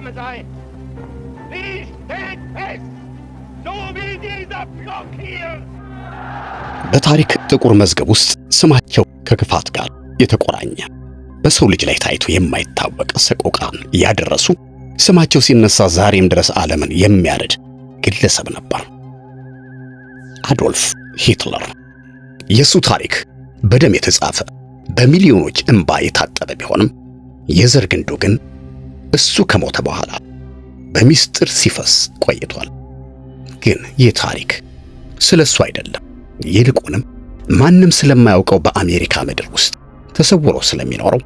gekommen sei. Sie steht fest, so wie dieser Block hier. በታሪክ ጥቁር መዝገብ ውስጥ ስማቸው ከክፋት ጋር የተቆራኘ በሰው ልጅ ላይ ታይቶ የማይታወቅ ሰቆቃን ያደረሱ ስማቸው ሲነሳ ዛሬም ድረስ ዓለምን የሚያርድ ግለሰብ ነበር አዶልፍ ሂትለር። የሱ ታሪክ በደም የተጻፈ በሚሊዮኖች እንባ የታጠበ ቢሆንም የዘር ግንዱ ግን እሱ ከሞተ በኋላ በሚስጥር ሲፈስ ቆይቷል። ግን ይህ ታሪክ ስለ እሱ አይደለም። ይልቁንም ማንም ስለማያውቀው በአሜሪካ ምድር ውስጥ ተሰውሮ ስለሚኖረው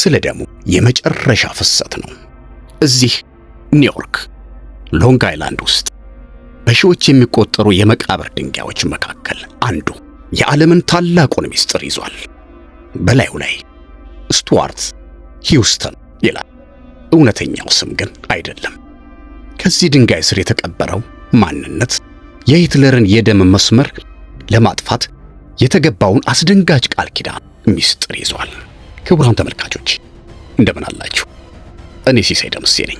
ስለ ደሙ የመጨረሻ ፍሰት ነው። እዚህ ኒውዮርክ ሎንግ አይላንድ ውስጥ በሺዎች የሚቆጠሩ የመቃብር ድንጋዮች መካከል አንዱ የዓለምን ታላቁን ምስጢር ይዟል። በላዩ ላይ ስቱዋርት ሂውስተን ይላል። እውነተኛው ስም ግን አይደለም። ከዚህ ድንጋይ ስር የተቀበረው ማንነት የሂትለርን የደም መስመር ለማጥፋት የተገባውን አስደንጋጭ ቃል ኪዳን ሚስጥር ይዟል። ክቡራን ተመልካቾች እንደምን አላችሁ? እኔ ሲሳይ ደምሴ ነኝ።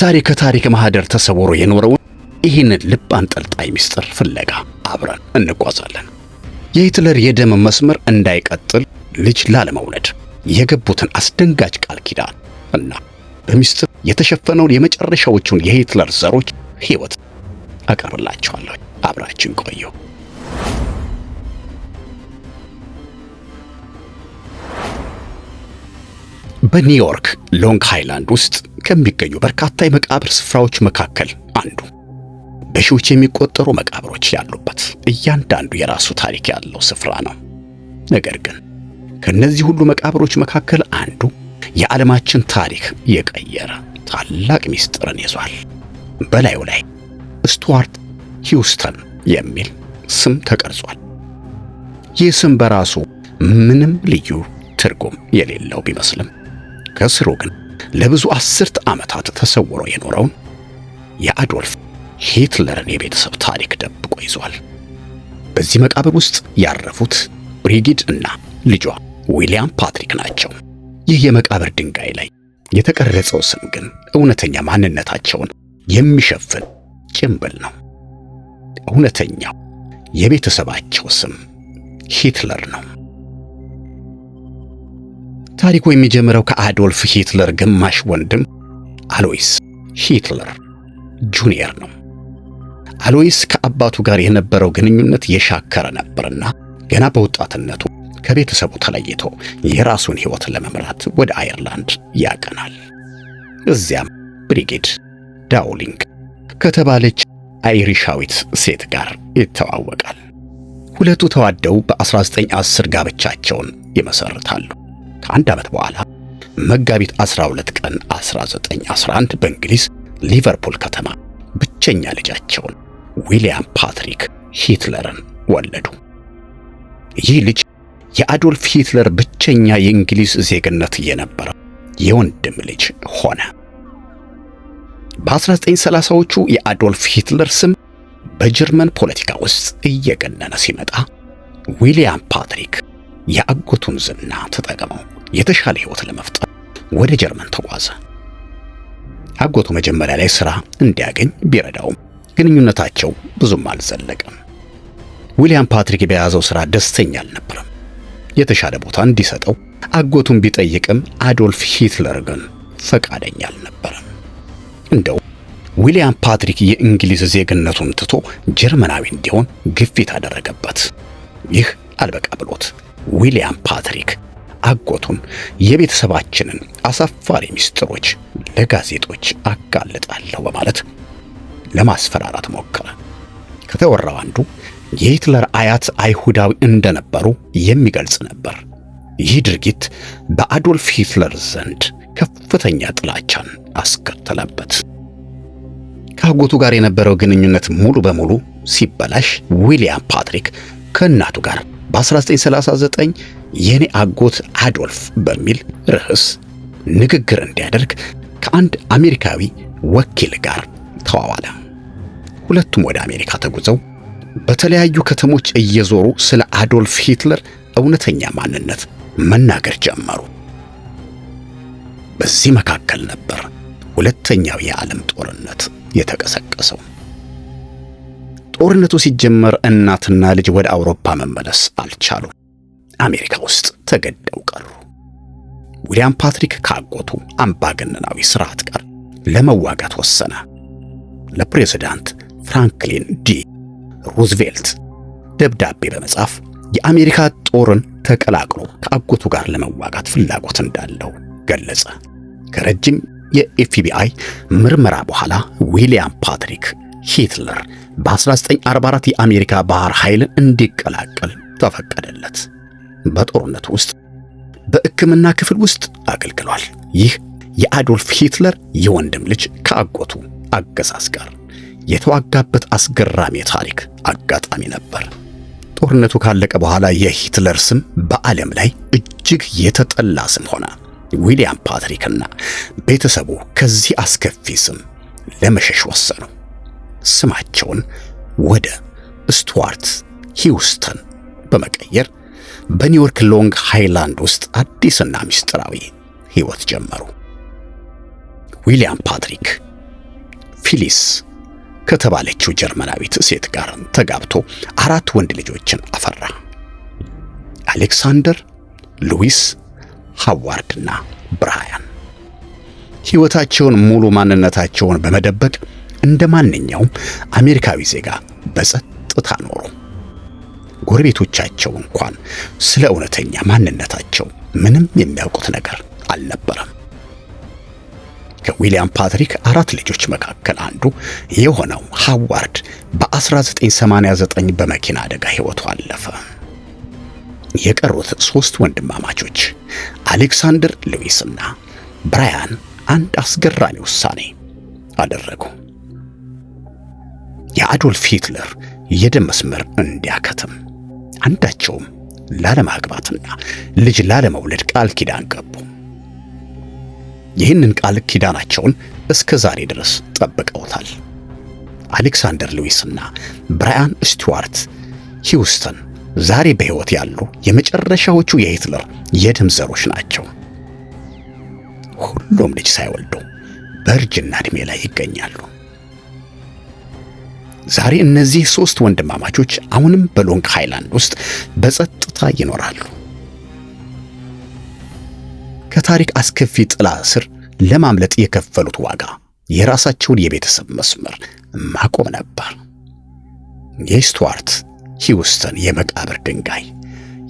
ዛሬ ከታሪክ ማህደር ተሰውሮ የኖረውን ይህንን ልብ አንጠልጣይ ሚስጥር ፍለጋ አብረን እንጓዛለን። የሂትለር የደም መስመር እንዳይቀጥል ልጅ ላለመውለድ የገቡትን አስደንጋጭ ቃል ኪዳን እና በሚስጥር የተሸፈነውን የመጨረሻዎቹን የሂትለር ዘሮች ሕይወት አቀርብላችኋለሁ። አብራችን ቆዩ። በኒውዮርክ ሎንግ ሃይላንድ ውስጥ ከሚገኙ በርካታ የመቃብር ስፍራዎች መካከል አንዱ በሺዎች የሚቆጠሩ መቃብሮች ያሉበት እያንዳንዱ የራሱ ታሪክ ያለው ስፍራ ነው። ነገር ግን ከእነዚህ ሁሉ መቃብሮች መካከል አንዱ የዓለማችን ታሪክ የቀየረ ታላቅ ሚስጥርን ይዟል። በላዩ ላይ ስቱዋርት ሂውስተን የሚል ስም ተቀርጿል። ይህ ስም በራሱ ምንም ልዩ ትርጉም የሌለው ቢመስልም ከስሩ ግን ለብዙ አስርት ዓመታት ተሰውሮ የኖረውን የአዶልፍ ሂትለርን የቤተሰብ ታሪክ ደብቆ ይዟል። በዚህ መቃብር ውስጥ ያረፉት ብሪጊድ እና ልጇ ዊሊያም ፓትሪክ ናቸው። ይህ የመቃብር ድንጋይ ላይ የተቀረጸው ስም ግን እውነተኛ ማንነታቸውን የሚሸፍን ጭምብል ነው። እውነተኛው የቤተሰባቸው ስም ሂትለር ነው። ታሪኩ የሚጀምረው ከአዶልፍ ሂትለር ግማሽ ወንድም አሎይስ ሂትለር ጁኒየር ነው። አሎይስ ከአባቱ ጋር የነበረው ግንኙነት የሻከረ ነበርና ገና በወጣትነቱ ከቤተሰቡ ተለይቶ የራሱን ሕይወት ለመምራት ወደ አየርላንድ ያቀናል። እዚያም ብሪጌድ ዳውሊንግ ከተባለች አይሪሻዊት ሴት ጋር ይተዋወቃል። ሁለቱ ተዋደው በ1910 ጋብቻቸውን ይመሰርታሉ። ከአንድ ዓመት በኋላ መጋቢት 12 ቀን 1911 በእንግሊዝ ሊቨርፑል ከተማ ብቸኛ ልጃቸውን ዊልያም ፓትሪክ ሂትለርን ወለዱ። ይህ ልጅ የአዶልፍ ሂትለር ብቸኛ የእንግሊዝ ዜግነት የነበረው የወንድም ልጅ ሆነ። በ1930ዎቹ የአዶልፍ ሂትለር ስም በጀርመን ፖለቲካ ውስጥ እየገነነ ሲመጣ ዊሊያም ፓትሪክ የአጎቱን ዝና ተጠቅመው የተሻለ ሕይወት ለመፍጠር ወደ ጀርመን ተጓዘ። አጎቱ መጀመሪያ ላይ ሥራ እንዲያገኝ ቢረዳውም ግንኙነታቸው ብዙም አልዘለቀም። ዊሊያም ፓትሪክ በያዘው ሥራ ደስተኛ አልነበረም። የተሻለ ቦታ እንዲሰጠው አጎቱን ቢጠይቅም አዶልፍ ሂትለር ግን ፈቃደኛ አልነበረም። እንደው ዊልያም ፓትሪክ የእንግሊዝ ዜግነቱን ትቶ ጀርመናዊ እንዲሆን ግፊት አደረገበት። ይህ አልበቃ ብሎት ዊልያም ፓትሪክ አጎቱን የቤተሰባችንን አሳፋሪ ምስጢሮች ለጋዜጦች አጋልጣለሁ በማለት ለማስፈራራት ሞከረ። ከተወራው አንዱ የሂትለር አያት አይሁዳዊ እንደነበሩ የሚገልጽ ነበር። ይህ ድርጊት በአዶልፍ ሂትለር ዘንድ ከፍተኛ ጥላቻን አስከተለበት። ከአጎቱ ጋር የነበረው ግንኙነት ሙሉ በሙሉ ሲበላሽ ዊሊያም ፓትሪክ ከእናቱ ጋር በ1939 የኔ አጎት አዶልፍ በሚል ርዕስ ንግግር እንዲያደርግ ከአንድ አሜሪካዊ ወኪል ጋር ተዋዋለ። ሁለቱም ወደ አሜሪካ ተጉዘው በተለያዩ ከተሞች እየዞሩ ስለ አዶልፍ ሂትለር እውነተኛ ማንነት መናገር ጀመሩ። በዚህ መካከል ነበር ሁለተኛው የዓለም ጦርነት የተቀሰቀሰው። ጦርነቱ ሲጀመር እናትና ልጅ ወደ አውሮፓ መመለስ አልቻሉም። አሜሪካ ውስጥ ተገደው ቀሩ። ዊልያም ፓትሪክ ካጎቱ አምባገነናዊ ስርዓት ጋር ለመዋጋት ወሰነ። ለፕሬዝዳንት ፍራንክሊን ዲ ሩዝቬልት ደብዳቤ በመጻፍ የአሜሪካ ጦርን ተቀላቅሎ ከአጎቱ ጋር ለመዋጋት ፍላጎት እንዳለው ገለጸ። ከረጅም የኤፍቢአይ ምርመራ በኋላ ዊሊያም ፓትሪክ ሂትለር በ1944 የአሜሪካ ባህር ኃይልን እንዲቀላቀል ተፈቀደለት። በጦርነቱ ውስጥ በሕክምና ክፍል ውስጥ አገልግሏል። ይህ የአዶልፍ ሂትለር የወንድም ልጅ ከአጎቱ አገዛዝ ጋር የተዋጋበት አስገራሚ ታሪክ አጋጣሚ ነበር። ጦርነቱ ካለቀ በኋላ የሂትለር ስም በዓለም ላይ እጅግ የተጠላ ስም ሆነ። ዊሊያም ፓትሪክና ቤተሰቡ ከዚህ አስከፊ ስም ለመሸሽ ወሰኑ። ስማቸውን ወደ ስቱዋርት ሂውስተን በመቀየር በኒውዮርክ ሎንግ ሃይላንድ ውስጥ አዲስና ምስጢራዊ ሕይወት ጀመሩ። ዊሊያም ፓትሪክ ፊሊስ ከተባለችው ጀርመናዊት ሴት ጋር ተጋብቶ አራት ወንድ ልጆችን አፈራ። አሌክሳንደር፣ ሉዊስ፣ ሃዋርድና ብራያን ሕይወታቸውን ሙሉ ማንነታቸውን በመደበቅ እንደ ማንኛውም አሜሪካዊ ዜጋ በጸጥታ ኖሩ። ጎረቤቶቻቸው እንኳን ስለ እውነተኛ ማንነታቸው ምንም የሚያውቁት ነገር አልነበረም። ከዊሊያም ፓትሪክ አራት ልጆች መካከል አንዱ የሆነው ሃዋርድ በ1989 በመኪና አደጋ ሕይወቱ አለፈ። የቀሩት ሦስት ወንድማማቾች አሌክሳንደር ሉዊስና ብራያን አንድ አስገራሚ ውሳኔ አደረጉ። የአዶልፍ ሂትለር የደም መስመር እንዲያከትም አንዳቸውም ላለማግባትና ልጅ ላለመውለድ ቃል ኪዳን ገቡ። ይህንን ቃል ኪዳናቸውን እስከ ዛሬ ድረስ ጠብቀውታል። አሌክሳንደር እና ብራያን ስቲዋርት ሂውስተን ዛሬ በሕይወት ያሉ የመጨረሻዎቹ የሂትለር የደም ዘሮች ናቸው። ሁሉም ልጅ ሳይወልዱ በእርጅና ዕድሜ ላይ ይገኛሉ። ዛሬ እነዚህ ሦስት ወንድማማቾች አሁንም በሎንግ ሃይላንድ ውስጥ በጸጥታ ይኖራሉ። ከታሪክ አስከፊ ጥላ ስር ለማምለጥ የከፈሉት ዋጋ የራሳቸውን የቤተሰብ መስመር ማቆም ነበር። የስቱዋርት ሂውስተን የመቃብር ድንጋይ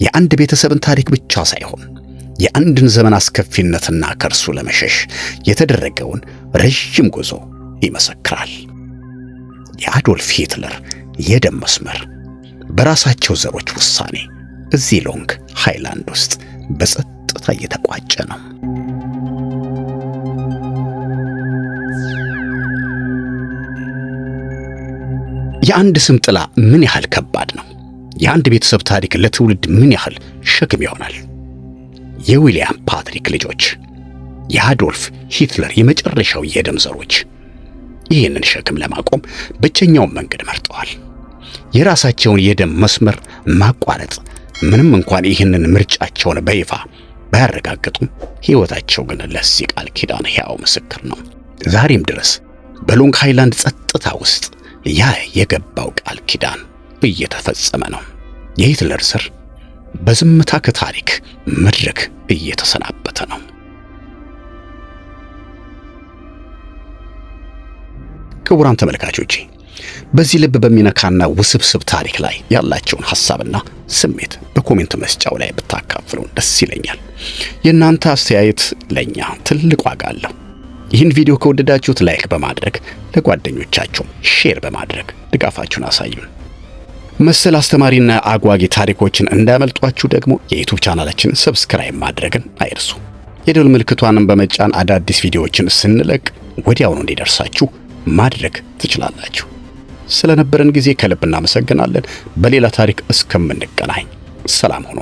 የአንድ ቤተሰብን ታሪክ ብቻ ሳይሆን የአንድን ዘመን አስከፊነትና ከርሱ ለመሸሽ የተደረገውን ረዥም ጉዞ ይመሰክራል። የአዶልፍ ሂትለር የደም መስመር በራሳቸው ዘሮች ውሳኔ እዚህ ሎንግ ሃይላንድ ውስጥ በጸጥ እየተቋጨ ነው። የአንድ ስም ጥላ ምን ያህል ከባድ ነው? የአንድ ቤተሰብ ታሪክ ለትውልድ ምን ያህል ሸክም ይሆናል? የዊልያም ፓትሪክ ልጆች፣ የአዶልፍ ሂትለር የመጨረሻው የደም ዘሮች ይህንን ሸክም ለማቆም ብቸኛውን መንገድ መርጠዋል። የራሳቸውን የደም መስመር ማቋረጥ። ምንም እንኳን ይህንን ምርጫቸውን በይፋ ባያረጋግጡም ሕይወታቸው ግን ለዚህ ቃል ኪዳን ሕያው ምስክር ነው። ዛሬም ድረስ በሎንግ ሃይላንድ ጸጥታ ውስጥ ያ የገባው ቃል ኪዳን እየተፈጸመ ነው። የሂትለር ስር በዝምታ ከታሪክ መድረክ እየተሰናበተ ነው። ክቡራን ተመልካቾቼ በዚህ ልብ በሚነካና ውስብስብ ታሪክ ላይ ያላቸውን ሐሳብና ስሜት በኮሜንት መስጫው ላይ ብታካፍሉን ደስ ይለኛል። የእናንተ አስተያየት ለእኛ ትልቅ ዋጋ አለው። ይህን ቪዲዮ ከወደዳችሁት ላይክ በማድረግ ለጓደኞቻችሁም ሼር በማድረግ ድጋፋችሁን አሳዩን። መሰል አስተማሪና አጓጊ ታሪኮችን እንዳያመልጧችሁ ደግሞ የዩቱብ ቻናላችን ሰብስክራይብ ማድረግን አይርሱ። የደወል ምልክቷንም በመጫን አዳዲስ ቪዲዮዎችን ስንለቅ ወዲያውኑ እንዲደርሳችሁ ማድረግ ትችላላችሁ። ስለነበረን ጊዜ ከልብ እናመሰግናለን። በሌላ ታሪክ እስከምንገናኝ ሰላም ሁኑ።